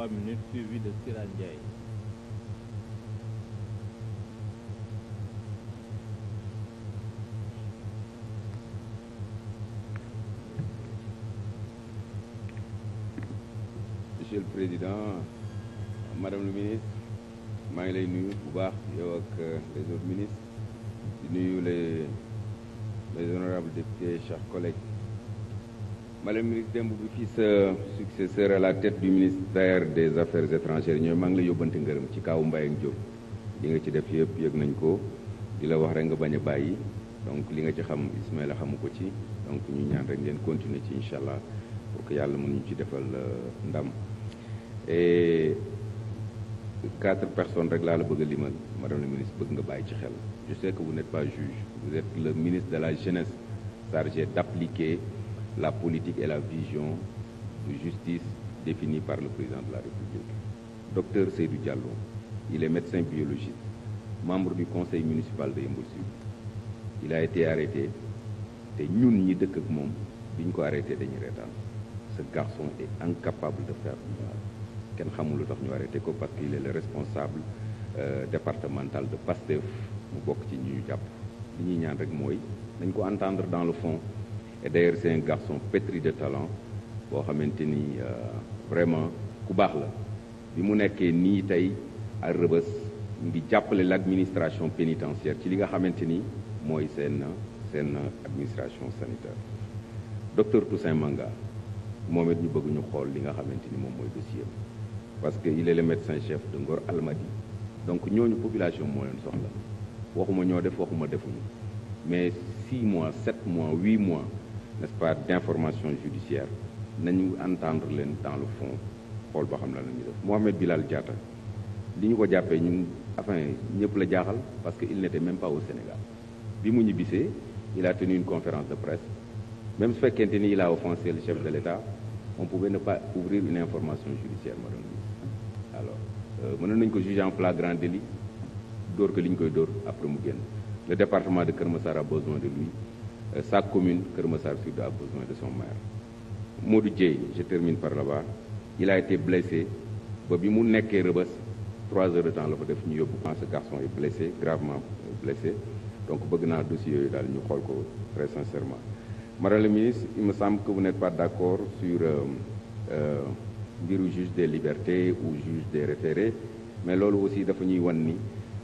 3 minutes, suivi de Siran Ndiaye. Président, Madame Ministre, maa ngi lay nuyu bu baax yow ak euh, les autres ministres di nuyu les les honorables députés chers collègues madame ministre démb bi fii sa successeur à la tête du ministère des affaires étrangères ñooy maa ngi la yóbbante ngërëm ci kaawu Mbaye ak Diop li nga ci def yëpp yëg nañ ko di la wax rek nga bañ a bàyyi donc li nga ci xam Ismaïla xamu ko ci donc ñu ñaan rek ngeen continuer ci incha allah pour que yàlla mën ñu ci defal euh, ndam et quatre personnes rek laa la bëgg a limal madame la ministre bëgg nga bàyyi ci xel je sais que vous n'êtes pas juge vous le ministre de la jeunesse chargé d'appliquer la politique et la vision de justice définie par le président de la République. Docteur Seydou Diallo, il est médecin biologie membre du conseil municipal de Yeumbeul Sud. Il a été arrêté te ñun ñi dëkk ak moom bi ñu ko arrêté dañu reetaan ce garçon est incapable de faire du mal kenn xamul lu tax ñu arrêté ko parce qu'il est le responsable euh, départemental de PASTEF mu bokk ci ñu jàpp li ñuy ñaan rek mooy dañ ko entendre dans le fond et d'ailleurs c'est un garçon de talent boo xamante ni euh, vraiment ku baax la bi mu nekkee nii tey ak rëbës ngi jàppale l'administration pénitentiaire ci li nga xamante ni mooy seen seen administration sanitaire docteur Toussaint Manga moom it ñu bëgg ñu xool li nga xamante ni moom mooy dossier parce que il est le médecin chef de Ngor Almadi donc ñooñu population moo leen soxla waxuma ñoo def waxuma defuñu mais 6 mois 7 mois 8 mois n'est-ce pas d'information judiciaire nañu entendre leen dans le fond xool boo xam ne la ñuy bi laal Bilal li ñu ko jàppee ñu enfin ñëpp la jaaxal parce que il n'était même pas au Sénégal bi mu ñibbisee il a tenu une conférence de presse même su fekkente ni il a offensé le chef de l'État on pouvait ne pas ouvrir une information judiciaire madame la alors euh, mënoon nañ ko juger en flagrant délit dóor ko li ñu koy dóor après mu génn le département de Kër Massar a besoin de sa commune, Kermassar Sud, a besoin de son maire. Modou je termine par là-bas, il a été blessé. Bobimou Neké Rebus, trois heures de temps, le fait de ce garçon est blessé, gravement blessé. Donc, Bogna dossier dans le très sincèrement. Madame la ministre, il me semble que vous n'êtes pas d'accord sur euh, euh, dire au juge des libertés ou juge des référés, mais loolu aussi, dafa ñuy wan nous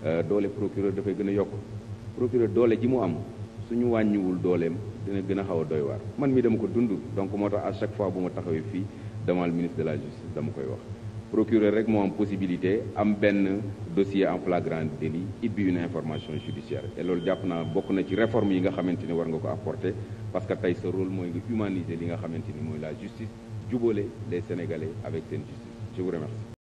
euh, doole procureur dafay gën a yokk procureur doole ji mu am suñu wàññiwul dooleem dina gën a xaw a doy man mi dama ko dund donc moo tax à chaque fois bu ma taxawee fii devant le ministre de la justice dama koy wax procureur rek moo am possibilité am benn dossier en flagrant délit ibbi une information judiciaire et loolu jàpp naa bokk na ci réforme yi nga xamante ni war nga ko apporte parce que tey sa role mooy nga humaniser li nga xamante ni mooy la justice jubale les sénégalais avec seen justice je vous remercie